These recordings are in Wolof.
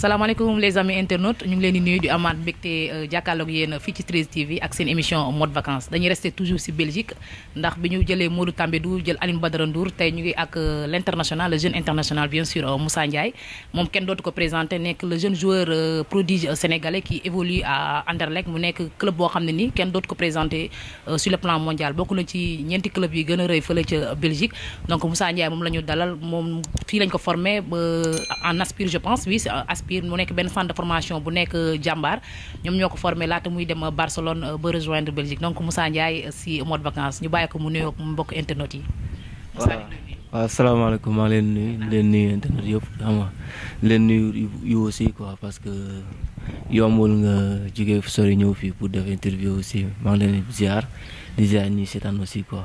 alaikum les amis internautes nous sommes venus du Amad di Diakalogien Fitch 13 TV avec une émission en mode vacances Nous restons toujours sur Belgique ndax avons ñu jëlee Modou Tambédou jël Aline Badara Ndour tey ñu ngi ak euh, le jeune international bien sûr euh, Moussa Ndiaye moom kenn dootu ko présenter, le jeune joueur euh, prodige sénégalais qui évolue à Anderlecht mu le club boo xam ne nii kenn présenté sur le plan mondial Beaucoup de ci ñeenti club yi a rëy Belgique donc Moussa Ndiaye moom la dalal lañ formé en Aspire je pense oui Aspire mu nekk benn centre de formation bu nekk euh, jàmbaar ñoom ñoo ko formé laata muy dem euh, Barcelone euh, ba rejoindre Belgique donc Moussa Ndiaye si mode vacances ñu bàyyi ko mu nuyoog mbokk internet yi. waaw waaw salaamaaleykum maa leen nuyu leen nuyu internet yëpp xam nga leen nuyu yu aussi quoi parce que yombul nga jógee sori ñëw fii pour def interview aussi maa ngi leen di ziar di ziar ñuy seetaan aussi quoi.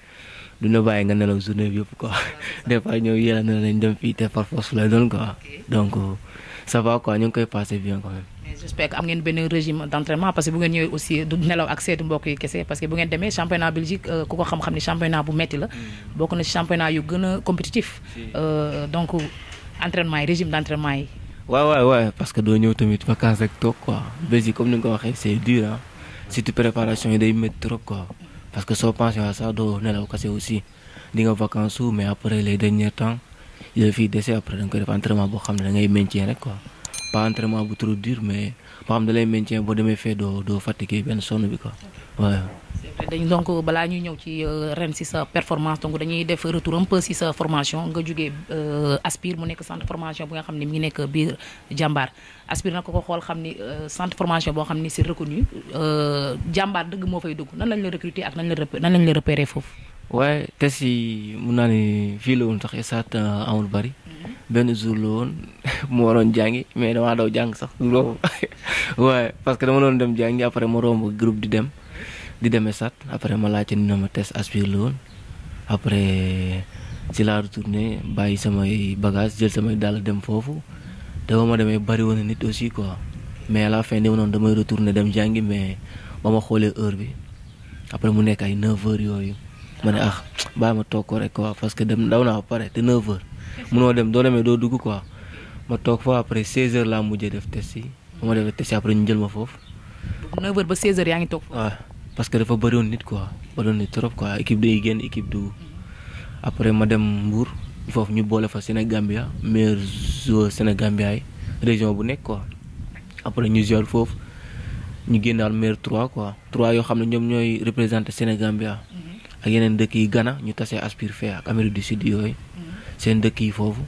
du na bàyyi nga nelaw journée bi yëpp quoi des fois ñëw yéela na nañ dem fii te par force lay doon quoi donc euh, ça va quoi ñu ngi koy passé bien quand même. mais j'espère que am ngeen benn régime d'entraînement parce que bu ngeen ñëwee aussi du nelaw ak seetu mbokk yi kese parce que bu ngeen demee championnat Belgique euh, ku ko xam-xam ni championnat bu metti la mm. bokk na ci championnat yu gën a compétitif euh, donc entraînement yi régime d'entraînement yi. waaw waaw waaw parce que doo ñëw tamit vacances rek toog quoi Belgique comme ni nga ko waxee c'est dur ah hein. surtout préparation yi day métti trop quoi. parce que soo pensé à ça doo nelaw kase aussi di nga vacances mais après les derniers temps yooyu fii dese après da koy def entraînement boo xam ne da ngay maintien rek quoi. pas entraînement bu trop dur mais boo xam ne da lay maintien boo demee fee doo doo benn sonn bi quoi waaw. dañ donc balaa ñuy ñëw ci euh, ren si sa performance dañuy def retour un peu si sa formation nga jógee euh, Aspire mu nekk sant formation bu nga xam ne mi ngi nekk biir jàmbaar Aspire na ko ko xool xam ni sant euh, formation boo xam ni c'est reconnu jàmbaar dëgg moo fay dugg nan lañ la recruter ak nan la nan lañ la repérer foofu. waaye te si mun naa ne fii la woon sax esaat amul bari. benn mu waroon jàngi mais damaa daw jàng sax loolu waaye parce que dama doon dem jàngi après ma romb groupe di dem di demee sat après ma laajte ni ma test aspire la après ci laa retourné bàyyi samay bagage jël samay dàll dem foofu te ba ma demee bari woon nit aussi quoi mais la fin dama noonu damay retourné dem jàngi mais ba ma xoolee heure bi après mu nekk ay 9 heures yooyu ma ne ah bàyyi ma toog ko rek quoi parce que dem daw naa ba pare te 9 heures munoo dem doo demee doo dugg quoi. ma toog fa après 16h laa mujjee def test yi. ba ma defee test yi après ñu jël ma foofu. 9h ba 16h yaa ngi toog foofu. parce que dafa bëriwoon nit quoi bëriwoon nit trop quoi équipe day génn équipe du après ma dem Mbour foofu ñu boole fa Sénégambia meilleur joueur Sénégambia yi région bu nekk quoi après ñu joué foofu ñu génnaal meilleur 3 quoi 3 yoo xam ne ñoom ñooy représenté Sénégambia. Mhm. ak yeneen dëkk yi Ghana ñu tasee Aspire fee ak Amérique du Sud yooyu. Mhm. seen dëkk yi foofu.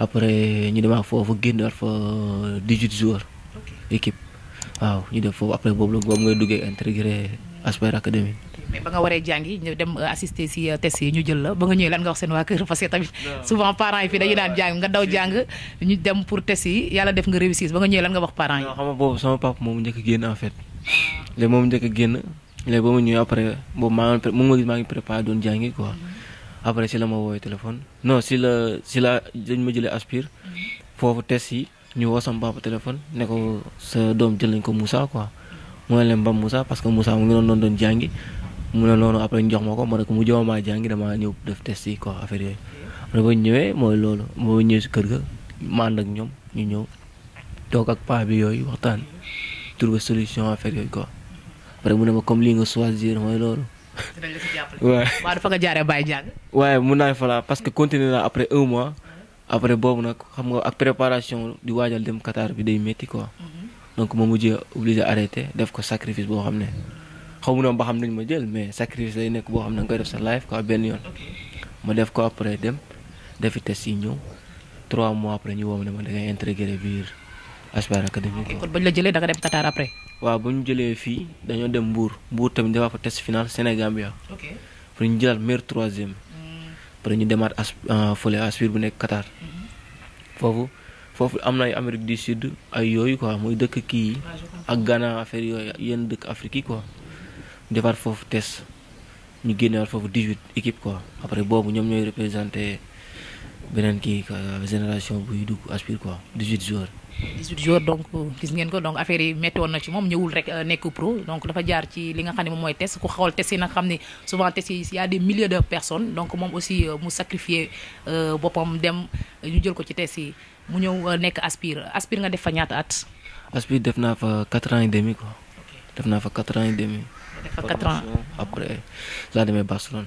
après ñu demaat fofu gëndal fa 18 jours équipe waaw ñu def fofu après bobu bobu ngay duggé intégré Aspire Academy mais ba nga waré jangi ñu dem euh, assister ci euh, test yi ñu jël la ba nga ñëw lan nga wax seen wa keur parce que tamit souvent parents yi fi dañu daan jang nga daw jang ñu dem pour test yi yalla def nga réussir ba nga ñëw lan nga wax parents yi. xam nga bobu sama papa mom ñëk gën en fait léegi mom ñëk gën génn bamu ñëw après bobu ma ngi mo ngi ma ngi préparer doon jangi quoi. après si la ma woowee téléphone non si la si la dañ ma jëlee aspire foofu test yi ñu woo sama papa téléphone ne sa doom jël nañ ko Moussa quoi mu ne leen bam Moussa parce que Moussa mu ngi doon doon jàngi mu ne noonu après ñu jox ma ko ma ne ko mu jox ma jàngi damaa def test yi quoi affaire yooyu. après ba ñëwee mooy loolu moo ñëwee si kër ga ma ànd ñoom ñu ñëw toog ak paa bi yooyu waxtaan trouver solution affaire yooyu quoi après mu ne ma comme lii nga choisir mooy dinañ la ci jàppale. waaw dafa nga jaaree bàyyi jàng. waaye mun naa fa parce que continuer naa après un mois. après boobu nag xam nga ak préparation di waajal dem Qatar bi day métti ko mhm. donc ma mujjee obligé arrêté def ko sacrifice boo xam ne xaw ma ba xam nañ ma jël mais sacrifice lay nekk boo xam ne nga koy def sa life quoi benn yoon. ma def ko après dem defi test yi ñëw trois mois après ñu woo ma ne ma dangay intégré biir Aspire Academy. kon bañ jëlee danga dem Qatar après. waaw bu ñu jëlee fii dañoo dem Mbour Mbour tamit dafa fa test final Sénégambia. pour ñu jëlaat meilleur troisième. Hmm. après ñu demaat as euh, fële aspir bu nekk Qatar. Mhm. foofu foofu am na ay Amérique du Sud ay yooyu quoi muy dëkk kii ak Ghana affaire yooyu yenn dëkk Afrique yi quoi defaat foofu test ñu génnewaat foofu 18 équipe quoi après boobu ñoom ñooy représenté beneen kii génération buy dugg aspir quoi 18 joueurs. 18 jours donc gis ngeen ko donc affaire yi metti won na ci moom ñëwul rek euh, nekk pro donc dafa jaar ci li nga xam ne moom mooy test ku xawal test yi nag xam ne souvent test yi y a des milliers de personnes donc moom aussi euh, mu sacrifier euh, boppam dem ñu jël ko ci test yi mu ñëw nekk aspire aspire nga def fa ñaata at. aspire def naa fa 4 ans et demi quoi. def naa fa 4 ans et demi. def fa 4 ans après laa demee Barcelone.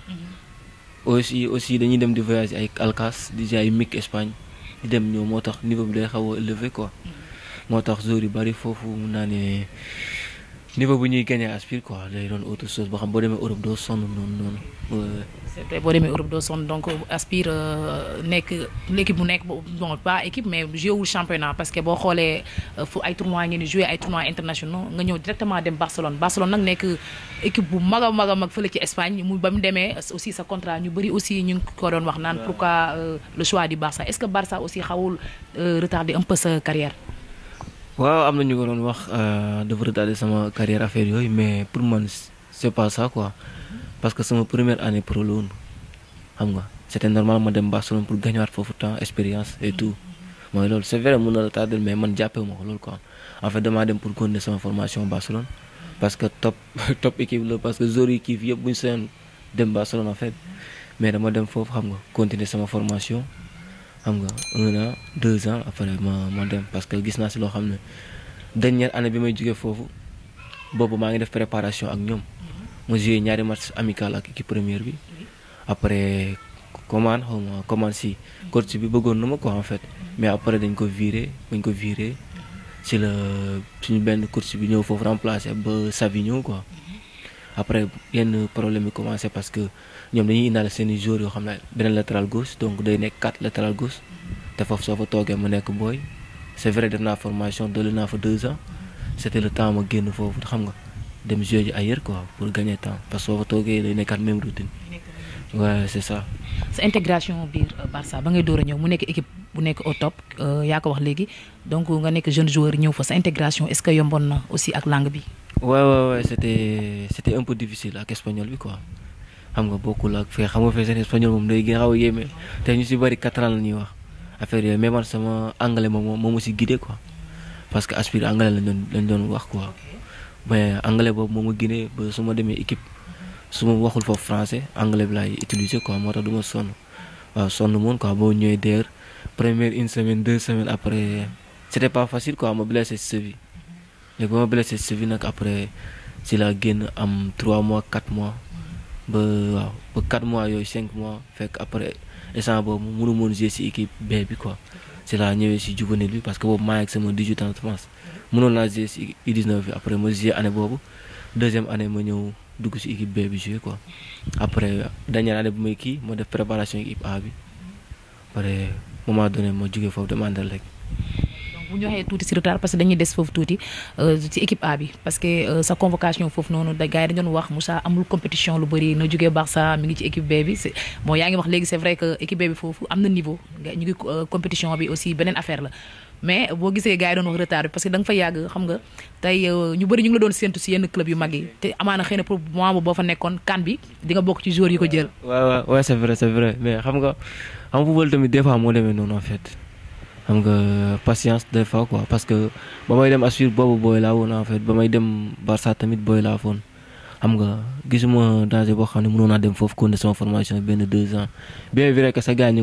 Mm-hmm. aussi aussi dañuy dem di voyager ay Alcace di ay mic Espagne di dem ñëw moo tax niveau bi day xaw a élevé quoi mm-hmm. moo tax jour yu bari foofu mun naa ne niveau bu ñuy gagné aspire quoi lay doon autre chose boo xam boo Europe doo sonn non. noonu. c'est vrai boo Europe doo sonn donc euh, aspire euh, nekk l'équipe bu nekk bon pas équipe mais joué au championnat parce que boo xoolee euh, fu ay tournois ngeen di joué ay tournois internationaux nga ñëw directement dem Barcelone Barcelone nag nekk équipe bu mag a mag a ci Espagne mu ba mu aussi sa contrat ñu bëri aussi ñu ngi ko doon wax naan pourquoi le choix du Barça est-ce que Barça aussi xawul retarder un peu sa carrière. waaw am na ñu ko doon wax dafa retardé sama carrière affaire yooyu mais pour man c' est pas ça quoi parce que sama première année pro la woon xam nga c' était normal ma dem Barcelone pour gagner waat foofu temps expérience et eh, tout mooy loolu c' est vrai mun na retardé mais man jàppee ma ko loolu quoi en fait dama dem pour continuer sama formation Barcelone parce que top top équipe la parce que joueurs yi kii yëpp bu ñu seen dem Barcelone en fait mais dama dem foofu xam nga continuer sama formation. xam nga un an ans après ma parce que gis naa si loo xam ne dernière année bi may jugee foofu boobu maa ngi def préparation ak ñoom ma joué ñaari match amicale ak équipe première bi après commande xaw ma commande si coach bi bëggoon na ma ko en fait mais après dañ ko viré dañ ko viré si la suñu benn coach bi ñëw foofu remplacé ba Savi ñëw quoi après yenn problème bi commencé parce que ñom dañuy indal seen i yo xamna benen ne latéral gauche donc day nek quatre latéral gauche te fofu sofa fa mu nek boy c'est vrai def naa formation de le fa deux ans c'était le temps ma génn fofu xam nga dem jeu ji ailleurs quoi pour gagner temps parce que soo fa toogee day quatre même routine. Ouais c'est ça. sa intégration bir euh, Barça ba ngay door ñew mu nek équipe bu nek au top euh, ya ko wax léegi donc nga nek jeune joueur ñew fa sa intégration est ce que yomboon na aussi ak langue bi. ouais ouais Ouais c'était c'était un peu difficile avec espagnol bi quoi. xam nga bokul ak fee xam nga fee sen espagnol mom day gën yéme té ñu ci bari catalan la wax affaire yooyu ya, mais man sama anglais mom mom ci guidé quoi parce que aspire anglais lañ doon lañ doon wax quoi mais anglais bob mom guiné ba suma démé équipe suma waxul fo français anglais bi laay utiliser quoi motax duma son wa sonn mon quoi bo ñëwee deer première une semaine deux semaines après c'était pas facile quoi mo blessé cheville léegi ba ma blessé ce vie nak après c'est la génn am 3 mois 4 mois ba waaw ba quatre mois yooyu cinq mois fekk après instant boobu mënu moon jouer si équipe B bi quoi si laa ñëwee si juvénile bi parce que boobu maa ngi ak sama 18 ans je pense mënoon naa si U19 bi après ma jouer année boobu deuxième année ma ñëw dugg si équipe B bi ko quoi après dernière année bu may kii moo def préparation équipe A bi après moment donné ma jugee foofu dem àndal rek bu ñu waxee tuuti si retard parce que dañuy des foofu tuuti euh, ci équipe A bi parce que euh, sa convocation foofu noonu da gars yi dañu doon wax Moussa amul compétition lu bëri na jógee Barça mi ngi ci équipe B bi bon yaa ngi wax léegi bi foofu am na niveau ñu ngi euh, compétition bi aussi beneen affaire la mais boo gisee gars yi doon wax retard bi parce que da nga fa yàgg xam nga tey ñu bëri ñu ngi la doon séntu si yenn club yu mag yi te amaana xëy na pour moment bu boo fa nekkoon xam nga xam nga football tamit xam nga patience des fois parce que ba may dem assure boobu booy laa woon a fait ba may dem Barça tamit booy la foon xam nga gis gisuma danger boo xam ne mënoon naa dem foofu kon sama formation benn deux ans bien vrai que sa gars ñi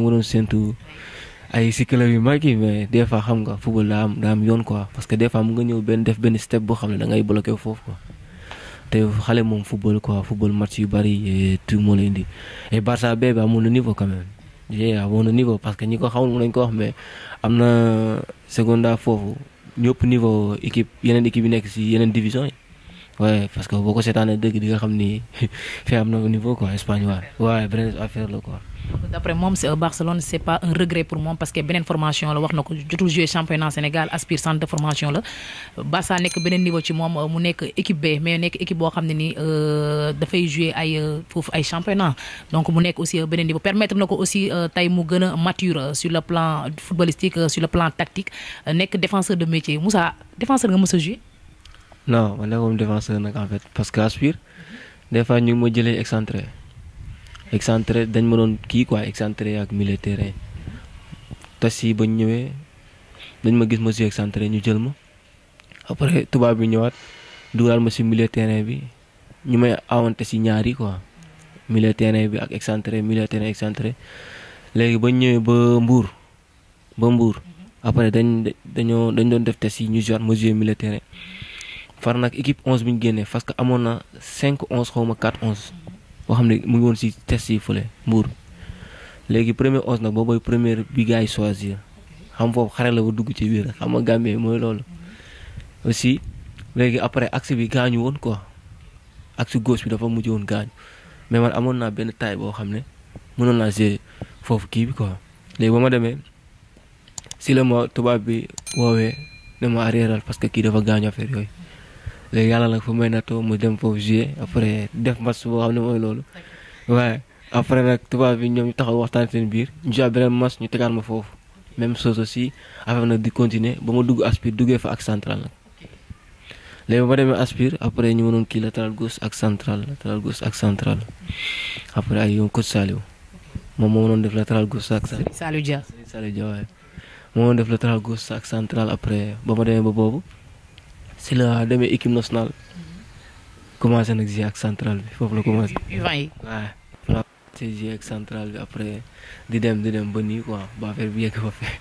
yu mag yi des fois xam nga football daa am daa am yoon quoi parce que des fois mu nga ñëw benn def benn step boo xam ne da ngay bloqué foofu quoi. te xale moom football quoi football match yu bari tout moo la indi et Barça bee ba amul le niveau quand joué à bon parce que ñi ko xamul mun nañu ko wax mais am na secondaire foofu ñëpp niveau équipe yeneen équipe yi nekk si yeneen division Ouais, parce que beaucoup cette année de qui fait un niveau quoi espagnol. Ouais, à affaire quoi. D'après moi, c'est Barcelone, c'est pas un regret pour moi parce que benen formation là wax nako jouer championnat Sénégal aspire centre de formation ça Barça nek benen niveau ci mom mu équipe B mais nek équipe qui xamné ni euh da jouer euh, ay championnat. Donc il nek aussi euh, benen niveau permettre nako aussi euh, tay mu mature sur le plan footballistique sur le plan tactique nek défenseur de métier. Moussa défenseur nga mësa joué. non man nekkoon défenseur nag en fait parce que Aspire des fois ñu ngi ma jëlee excentré excentré dañ ma doon kii quoi excentré ak milieu terrain tas yi ba ñu ñëwee dañ ma gis ma si ñu jël ma après tubaab bi ñëwaat dugal ma si milieu terrain bi ñu may awante si ñaari quoi milieu terrain bi ak excentré milieu terrain excentré léegi ba ñëwee ba Mbour ba Mbour après dañ dañoo dañ doon def test yi ñu joué ma joué milieu terrain far nag équipe 11 bi ñu génnee parce que amoon na cinq 11 xaw ma 4 11 boo xam ne mu ngi woon si test yi fële Mbour léegi premier 11 nag boobu mooy première bi gars yi choisir xam foofu dugg ci biir xam nga Gambie mooy loolu. aussi léegi après axe bi gaañu woon quoi axe gauche bi dafa mujj woon gaañu mais man amoon naa benn taille boo xam ne mënoon naa gérer foofu kii bi quoi léegi ba ma demee si la ma tubaab bi woowee ne ma arriéral parce que kii dafa gaañu affaire yooyu. léegi eh, yàlla nag fu may nattoo mu dem foofu jouer après def match boo xam ne mooy loolu waaye après nag tubaab bi ñoom ñu taxaw waxtaan seen biir ñu jouer beneen match ñu tegaat ma foofu même chose aussi affaire nag di continuer ba ma dugg aspire duggee fa ak central nag léegi ba demee aspire après ñu mënoon kii latéral gauche ak central latéral gauche ak central après ay yoon coach Saliou moom moo mënoon def latéral gauche ak central Saliou Dia waaye moo mënoon def latéral gauche ak central après ba ma demee ba boobu si la demee équipe nationale commencé nag ji ak central bi foofu la commencé. waaw waaw. ak central bi après di dem di dem ba nii quoi affaire bi yegg fa fee.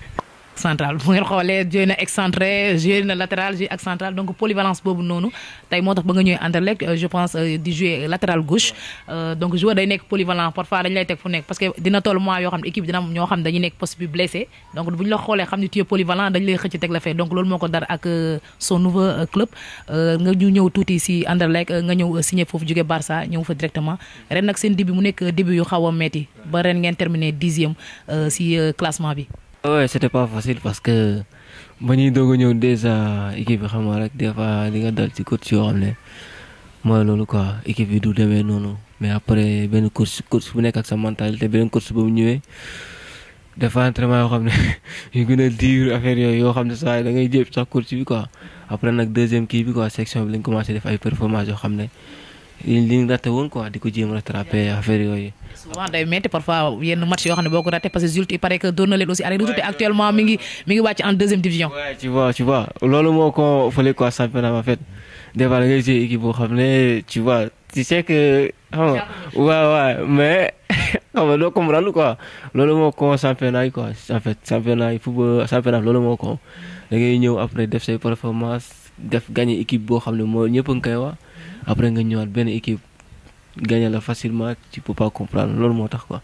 central bu ngeen xoolee joué na excentré joué na latéral joué ak central donc polyvalence boobu noonu tey moo tax ba nga ñëwee Anderlecht euh, je pense euh, di jouer latéral gauche euh, donc joueur day nekk polyvalent parfois dañ lay teg fu nekk parce que dina toll mois yoo xam ne équipe dina am ñoo xam dañuy nekk poste bi blessé donc bu ñu la xoolee xam ne tu es polyvalent dañ lay xëcc teg la fee donc loolu moo ko dar ak son nouveau club nga ñu ñëw tuuti si Anderlecht nga ñëw signé foofu jóge Barça ñëw fa directement ren nag seen début mu nekk début yu xaw a metti ba ren ngeen terminé dixième si classement bi Ouais, c'était pas facile parce que ba ñuy doog a ñëw dèjà équipe bi xam nga rek des fois li nga dal ci coach yoo xam ne mooy loolu quoi équipe bi du demee noonu mais après benn course course bu nekk ak sa mentalité benn course ba mu ñëwee des fois entraînement yoo xam ne yu gën a dur affaire yooyu yoo xam ne saa da ngay jéem sax course bi quoi après nag deuxième kii bi quoi section bi lañ commencé def ay performance yoo xam ne. li ñu raté woon quoi di ko jéem rattrapé affaire yooyu. souvent day métti parfois yenn match yoo xam ne boo ko raté parce que Zulte il paraît que doon na leen aussi arrêté tout actuellement mi ngi mi ngi wàcc en deuxième division. ouais tu vois tu vois loolu moo ko fële quoi championnat en fait des fois da ngay jouer équipe boo xam ne tu vois tu sais que xam nga waaw mais xam nga doo comprendre quoi loolu moo ko championnat yi quoi en fait championnat yi football championnat loolu moo ko da ngay ñëw après def say performance def gagné équipe boo xam ne moo ñëpp a ngi koy wax. après nga ñëwaat benn équipe gagné la facilement tu peux comprendre loolu moo tax quoi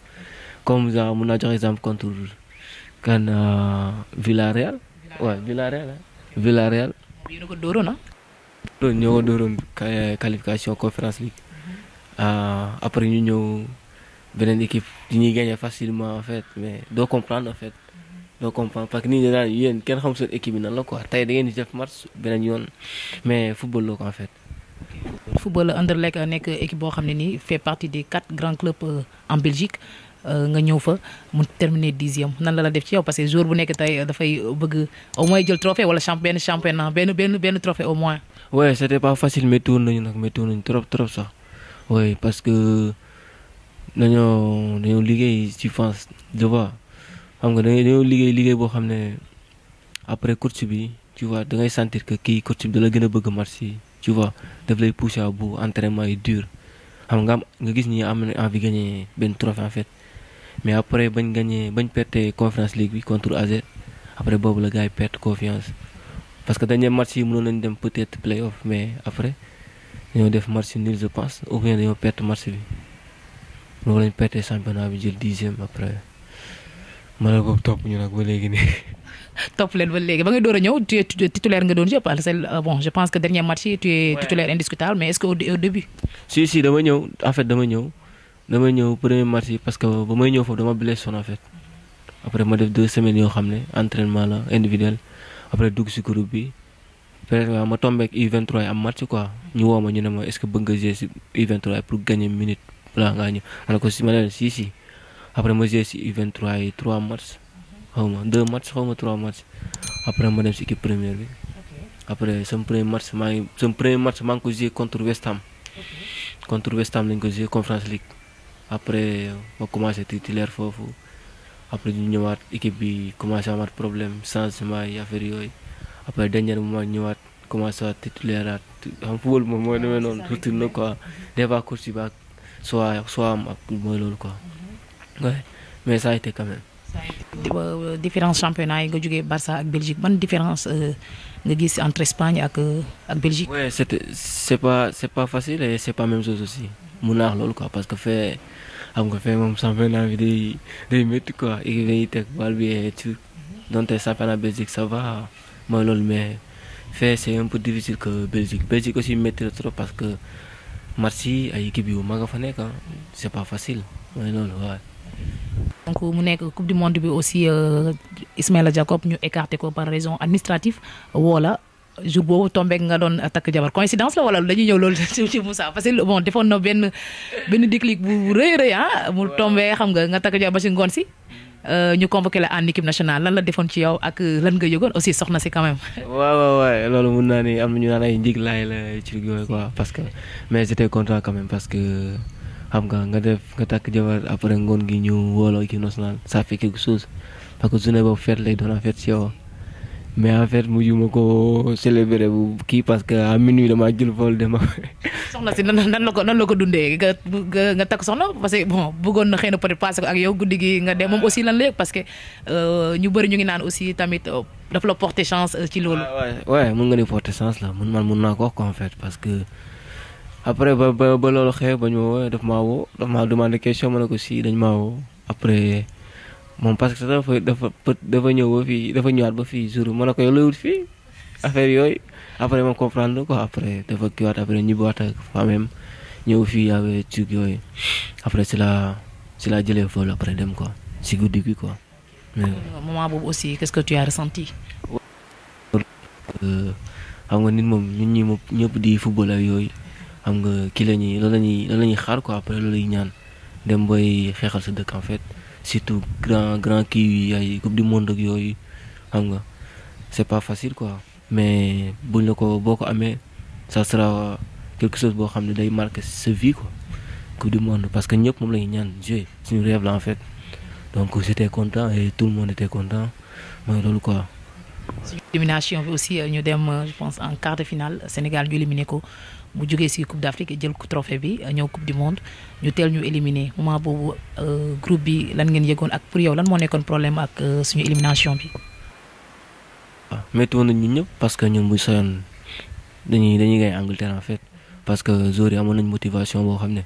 comme genre mun naa jox exemple contre kan euh, Villarreal. waaw Villarreal ah Villarreal. yéen a ko dóoroon ah. ñoo ko dóoroon euh, qualification mm-hmm. euh, après ñu ñëw beneen équipe di ñuy gagné facilement en fait mais doo comprendre en fait. Mm-hmm. doo comprendre parce que nii dañu naan yéen kenn xam seen équipe bi nan la quoi tey da ngeen di def match beneen yoon mais football la ko en fait. football Anderlecht euh, nek équipe bo xamné ni fait partie des quatre grands clubs euh, en Belgique euh, nga ñëw fa mu terminer dixième nan la la def ci yow parce que jour bu tay da fay bëgg au moins jël trophée wala champion benn championnat ben ben benn trophée au moins. oui c'était pas facile mais tuur nañu nag mais tuur trop trop sax oui parce que dañoo dañoo liggéey ci France tu vois xam nga dañoo liggéey liggéey boo xam après course bi tu vois da ngay sentir que ki course bi da la gëna bëgg match yi tu vois daf lay pousser à bout entraînement yi dur xam nga am nga gis ñi am na envie gagné benn trophée en fait mais après bañ gagné bañ perte conférence league bi contre AZ après boobu la gars yi perte confiance parce que dañuy match yi mënoon nañ dem peut-être play-off mais après dañoo def marché nul je pense ou bien dañoo perte match bi loolu lañ perte championnat bi jël dixième après mala boobu topp ñu nag ba léegi nii top leen ba léegi ba nga door a ñëw tu es titulaire nga doon jëpp euh, bon je pense que dernier match tu es titulaire indiscutable mais est-ce que au début. si si dama ñëw en fait dama ñëw dama ñëw premier match parce que ba may ñëw foofu dama blessé woon en fait après ma def deux semaines yoo xam ne entraînement la individuel après dugg si groupe bi. peut-être ma tombé ak U23 am match quoi ñu woo ma ñu ne ma est-ce que bëgg nga jouer si U23 pour gagner minute balaa nga ñëw ma ne si ma ne si si après ma jouer si U23 yi 3 match xaw ma deux matchs xaw ma trois matchs après ma dem si équipe première bi après sama premier match maa ngi sama premier match maa ngi ko joué contre West Ham contre West Ham lañ ko joué Conference League après ma commencé titulaire foofu après ñu ñëwaat équipe bi commencé amaat problème changement yi affaire yooyu après dernier moment ñëwaat commencé waat titulaire aat xam football moom mooy demee des fois course yi am ak mooy loolu quoi mais ça a été différence championnat yi nga jógee Barça ak Belgique ban différence euh, nga gis entre Espagne ak euh, ak Belgique. ouais c'est c'est pas c'est pas facile et c'est pas même chose aussi mu naax quoi parce que fait am nga fait moom championnat bi day day métti quoi équipe yi teg bal bien et tout donc la Belgique ça va mooy lol mais fait c'est un peu difficile que Belgique Belgique aussi mettre trop parce que match a équipe yu mag a fa nekk hein. pas facile mooy loolu ouais donc mu nek coupe du monde bi aussi euh, Ismaïla Jacob ñu écarté ko par raison administrative wala jour boobu tombeek nga don attaque jabar coïncidence la wala dañuy ñëw lool ci Moussa parce que bon defoon na ben benn déclic bu rëy hein. ah mu tombee xam nga nga takk jabar ba si ngoon euh, ñu convoqué la en équipe nationale lan la defoon ci yow ak lan nga yëgoon aussi soxna ci quand même. Ouais, ouais, ouais. loolu mu naa ni am ñu naan ay lay la ci quoi parce que mais j'étais content quand même parce que. nga def nga tak jabar après ngon gi ñu wolo nos nationale sa fi ki gusus parce que journée ba fête lay do na fait ci yow mais en fait mu yu mako célébrer bu ki parce que à minuit dama jël vol dama soxna ci nan nan lako nan lako dundé nga nga tak soxna parce que bon bëggoon na xéna peut être passé ak yow guddi gi nga dem mom aussi lan lay parce que euh ñu bari ñu ngi nan aussi tamit euh, daf la porter chance euh, ci loolu ah, ouais ouais mu nga ni porter chance la mun man mun nako ko en fait parce que après ba ba ba ba ñu woo daf maa woo daf maa demandé question ma ne ko si dañ maa woo après moom parce que dafa dafa ñëw ba fii dafa ñëwaat ba fii jour ma ne ko yow wut fii affaire yooyu après ma comprendre ko après dafa kiiwaat après ñibbaat ak famem ñëw fii avec cug yooyu après si la si la jëlee vol après dem ko si guddi gi quoi. moment boobu aussi qu'est-ce que tu as ressenti. Euh, xam nga nit moom ñun ñi moom ñëpp di football yooyu. xam nga ki lañuy loolu la loolu la xaar quoi après loolu ñaan dem booy xeexal sa dëkk en fait surtout grand grand kii yi ay coupe du monde ak yooyu xam nga c'est pas facile quoi. mais buñ la ko boo ko amee ça sera quelque chose boo xam ne day marqué sa vie quoi coupe du monde parce que ñëpp moom la ñuy ñaan c'est suñu rêve la en fait donc j'étais content et tout le monde était content mooy loolu quoi. élimination aussi euh, ñu dem euh, je pense en quart de finale Sénégal ñu éliminé ko bu jógee si coupe d'afrique afrique jël trophée bi ñeu coupe du monde ñu tel ñu éliminé moment euh groupe bi lan ngeen yëgoon ak pour yow lan mo nekkoon problème ak euh, suñu élimination bi. waaw ah, métti woon ñun parce que ñun bu soyoon dañuy dañuy gagner Angleterre en fait parce que Zori yi nañ motivation bo xamné ne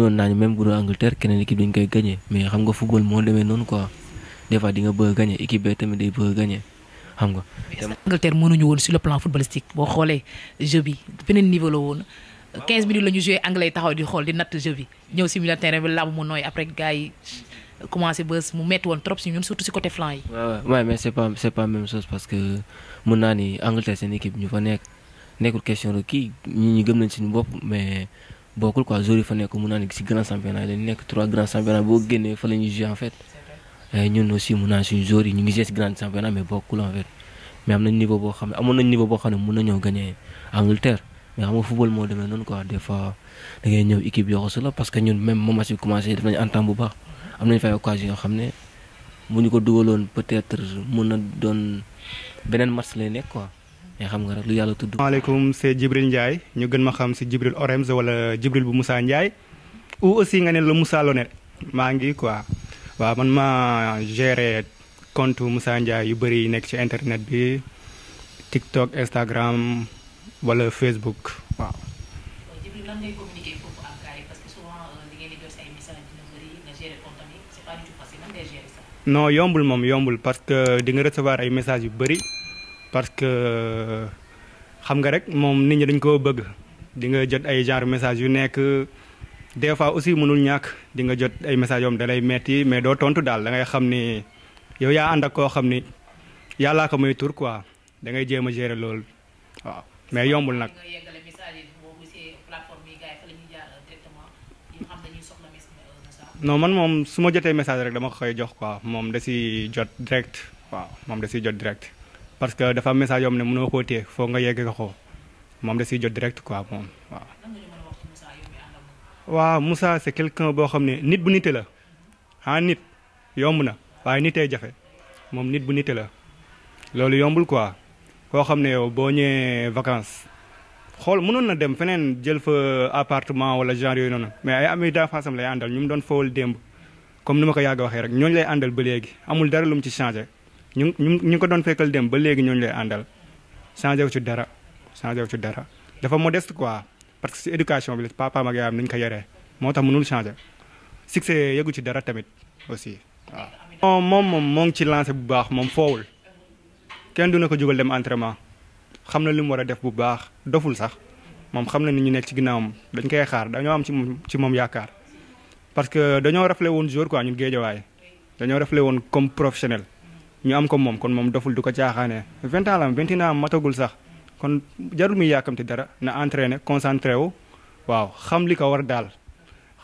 mënoon naa même bu Angleterre keneen équipe dañ koy gagner mais xam nga football mo démé non quoi des fois di nga bëgg gagner équipe B, tamit day bëgg gagner xam nga. Angleterre mënuñu woon sur le plan footballistique boo xoolee jeu bi beneen niveau la woon. 15 minutes la ñu joué anglais taxaw di xool di natt jeu bi ñëw si milieu terrain bi làmb mu nooy après gars yi commencé bës mu métti woon trop si ñun surtout si côté flanc yi. waaw waaw mais c' est pas c' est pas même chose parce que mën naa ni Angleterre seen équipe ñu fa nekk nekkul question de kii ñi ñu gëm nañ suñu bopp mais bokkul quoi joueurs fa nekk mën naa ni si grand championnat yi dañu nekk trois grands championnats boo génnee fa la ñuy joué en fait. Eh, ñun aussi mun naa suñu joueurs ñu ngi jeex grand championnat mais bokkul en am nañ niveau boo xam ne amoon nañ niveau boo xam ne mun nañoo gagné Angleterre mais xam nga football moo demee noonu quoi des fois da ngay ñëw équipe yoxosu la parce que ñun même moment si commencé def nañ en temps bu baax am nañ fay occasion yoo xam ne mu ñu ko dugaloon peut-être mun na doon beneen match lay nekk quoi mais xam nga rek lu yàlla tudd. maaleykum c'est Djibril Ndiaye ñu gën ma xam si Djibril Orems wala Djibril bu Moussa Ndiaye ou aussi nga ne la Moussa Lone maa ngi quoi. waaw man ma géré compte Moussa Ndiaye yu bëri yi nekk ci internet bi TikTok Instagram wala Facebook waaw. Euh, non yombul moom yombul parce que di nga recevoir ay message yu bëri parce que xam nga rek moom nit ñi dañ koo bëgg di nga jot ay genre message yu nekk. des fois aussi mënul ñàkk di nga jot ay messages yoom dalay metti mais doo tontu daal dangay xam ni yow yaa ànd ak koo xam ni yàllaa ko may tur quoi da jéem a gérer loolu waaw mais yombul nag. Euh, non man moom su ma jotee message rek dama koy jox quoi moom da si jot direct waaw moom da si jot direct parce que dafa message yoom ne mënoo koo téye foo nga yegg ko moom da siy jot direct quoi moom waaw. waaw Moussa c'est quelqu'un boo xam ne nit bu nite la ah nit yomb na waaye nitee jafe moom nit bu nite la loolu yombul quoi koo xam ne yow boo ñëwee vacance xool noon na dem feneen jël fa appartement wala genre yooyu noonu mais ay ami d'enfance lay àndal ñu mu doon fowal démb comme ni ma ko yàgg waxee rek ñooñu lay àndal ba léegi amul dara lu ci changé ñu ñu ñu ko doon fekkal démb ba léegi ñooñu lay àndal changé wu ci dara changé wu ci dara dafa quoi. parce que éducation bi papa ma gam yaayam ko yéré motax mënul changer succès yegu ci dara tamit aussi ah. mom mom mom mo ngi ci lancer bu baax mom fowul kenn du na ko jógal dem entraînement xamna lim wara def bu baax doful sax mom xamna ni ñu nekk ci ginnaawam dañ koy xaar dañu am ci ci mom yaakar parce que dañu raflé won jour quoi ñun way dañu raflé won comme professionnel ñu am ko mom kon mom doful du ko caaxaanee vingt ans la am ans matagul sax. kon jarul muy yàkkamti dara na entraîné concentré wu waaw xam li ko war daal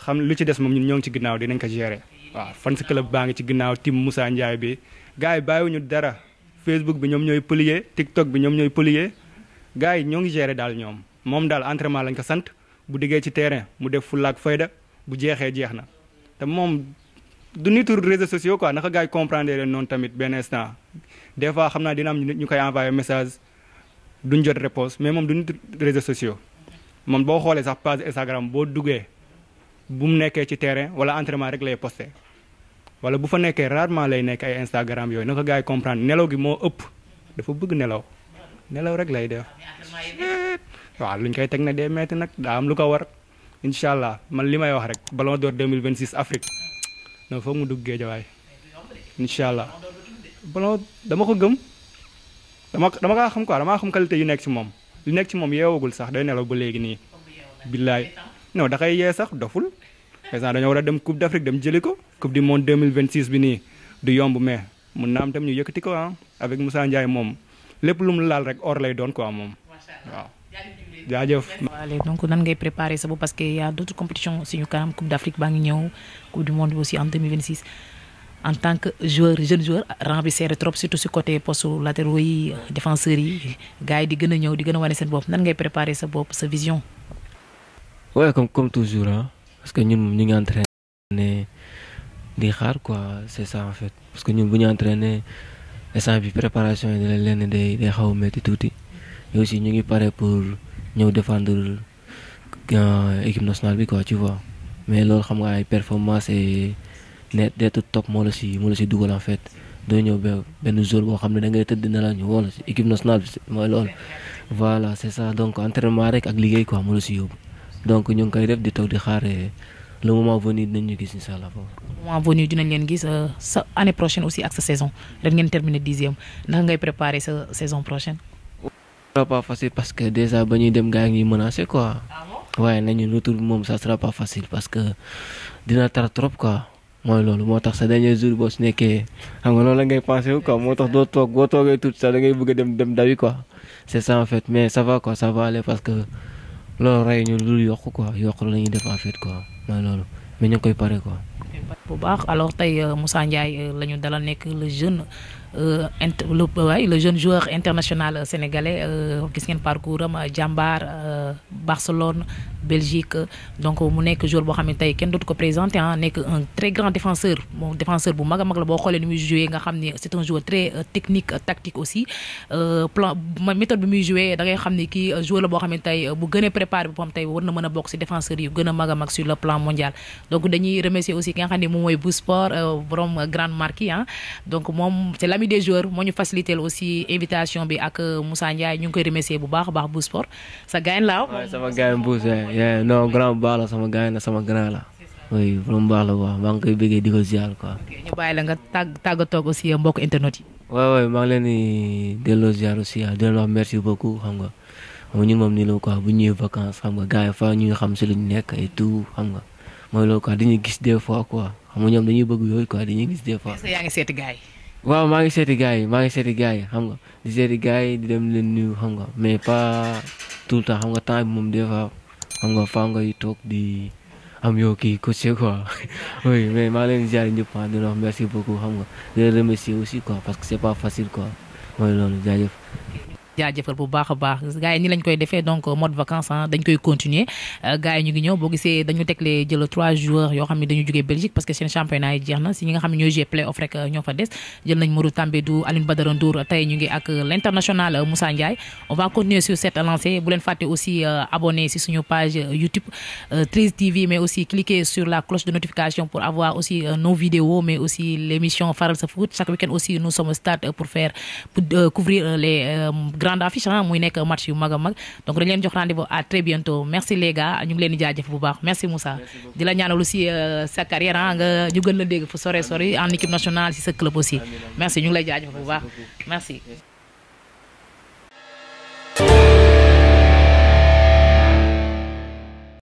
xam lu ci des moom ñun ñoo ngi ci ginnaaw dinañ ko gérer waaw fan si club baa ngi ci ginnaaw team Moussa Ndiaye bi gars yi ñu dara Facebook bi ñoom ñooy publier TikTok bi ñoom ñooy publier gars yi ñoo ngi gérer daal ñoom moom daal entraînement lañ ko sant bu digee ci terrain mu def fulaak fayda bu jeexee jeex na te moom du nitu réseaux sociaux quoi naka gars yi noonu tamit benn instant xam naa dina ñu koy envoyé message. duñ jot réponse mais mom duñ réseaux sociaux moom bo xolé sax page Instagram bo duggé bu mu nekké ci terrain wala entraînement rek lay posté wala bu fa nekké rarement lay nekk ay Instagram yoy naka gaay comprendre nelaw gi mo upp dafa bëgg nelaw nelaw rek lay def wa luñ koy tek na dé metti nak da am lu ko war inshallah allah man limay wax rek Ballon d'Or 2026 Afrique non fa mu duggé jaway inshallah Ballon dama ko gëm dama dama kaa xam quoi dama xam qualité yu nekk ci mom lu nekk ci mom yewagul sax day nelaw ba léegi ni billahi non da kay yé sax doful par dañu wara dem coupe d'afrique dem jëliko coupe du monde 2026 bi ni du yomb mais mu naa tam ñu yëkëti ko hein ah, avec Moussa Ndiaye mom lepp lu mu laal rek or lay doon quoi mom waaw jaajëf waalé donc nan ngay préparer sa bopp parce que y a d'autres compétitions aussi ñu kanam coupe d'afrique ba ngi ñëw coupe du monde aussi en 2026 en tant que joueur jeune joueur remplissez-les trop surtout si côté poste latéral, défenseur, gars yi di gën a ñëw di gën a wane seen nan ngay préparer sa bop, sa vision. Oui, comme comme toujours hein parce que nous, nous ngi des di quoi c'est ça en fait parce que nous bu entraîner et ça bi préparation yi dina leen day day xaw a tout et aussi nous ngi pare pour nous défendre l'équipe euh, nationale quoi tu vois mais loolu xam nga ay performance et d'être top moo la si moo la si dugal en fait doo ñëw ba benn jour boo xam ne da ngay tëdd na la ñu woo si équipe nationale bi mooy loolu. voilà c'est ça donc entraînement rek ak liggéey quoi moo la si yóbbu donc ñu ngi koy def di toog di xaar eh, le moment venu dinañ ñu gis incha allah. moment venu dinañ leen gis euh, sa année prochaine aussi ak sa saison ren ngeen terminer dixième ndax ngay préparer sa saison prochaine. ça sera pas facile parce que déjà ba ñuy dem gars yi ñuy menacé quoi. waaye ah nañu retour bi moom ça sera pas facile parce que dina tar trop quoi. mooy loolu moo tax sa dernier jour boo su nekkee xam nga loolu la ngay pensé wu quoi moo tax doo toog boo toogee tuuti sax da ngay bëgg a dem dem dawi quoi c'est ça en mais ça va quoi parce que loolu rey ñu lu yokk ko yokk la ñuy def en fait quoi mooy loolu mais ñu ngi koy pare quoi. bu baax alors tey Moussa Ndiaye la ñu dalal nekk le jeune. Euh, inter le le jeune joueur international euh, sénégalais euh, ngeen parcours am euh, jàmbaar Barcelone Belgique donc mu nek joueur bo xam tay ken kenn ko présenter hein nek un très grand défenseur mon défenseur bu mag mag la bo xolé ni muy joué nga xam c'est est un joueur très technique tactique aussi plan méthode bi muy jouer da ngay xam ne joueur la bo xam tay bu gën a préparé boppam tay war na mën a bokk si défenseurs yu gëna a mag sur le plan mondial donc dañuy remercier aussi nga xam ne moom mooy bu sport borom grande marque hein donc mom c'est est ami des joueurs moo ñu facilité aussi invitation bi ak euh, Moussa Ndiaye ñu koy remercier bu baax a baax bu sport sa gaañ laaw. waaw sama gaañ bu baax non baax la sama gaañ la sama grand la. oui borom baax la bu baax maa ngi koy bëggee di ziar quoi. ñu bàyyi la nga tàgg tàggatoo aussi euh, mbokk internet yi. waaw waaw maa ngi leen di delloo ziar aussi ah, di leen wax merci beaucoup xam nga xam ñun moom nii la quoi bu ñëwee vacances xam nga gars yi fa ñu xam si lu ñu nekk et tout xam gis des fois quoi yaa ngi seeti gars waaw maa ngi seeti gars yi maa ngi seeti gars yi xam nga di yi di dem leen nuyu xam nga mais pas tout le temps xam nga temps bi moom des fois xam nga faa nga toog di am yow kii coaché quoi oui mais maa la leen di ziare ñëpp ah di merci beaucoup xam nga di remercier aussi quoi parce que c'est pas facile quoi mooy loolu jaajëf. jaajëfal bu baax a baax gars yi ni lañ koy defee donc euh, mode vacances ah dañ koy continuer euh, gars yi ñu ngi ñëw boo gisee dañu tegle jël trois joueurs yoo xam ne dañu jógee Belgique parce que c'est seen championnat yi jeex na si ñi nga xam ne ñooy jouer play off rek euh, ñoo fa des jël nañ Modou du Aline Badara Ndour tey ñu ngi ak l' international Moussa Ndiaye on va continuer sur cette lancée bu leen fàtte aussi abonner si suñu page YouTube 13 TV mais aussi cliquer sur la cloche de notification pour avoir aussi nos vidéos mais aussi l'émission émission sa foot chaque week-end aussi nous sommes stade pour faire pour couvrir les grande affiche ah muy nekk match yu mag mag donc dañ leen jox rendez-vous à très bientôt merci les gars ñu ngi leen di jaajëf bu baax merci Moussa dila la ñaanal aussi euh, sa carrière ah nga ñu gën la dégg fu sore sore en équipe nationale ci sa club aussi merci ñu ngi lay jaajëf bu baax merci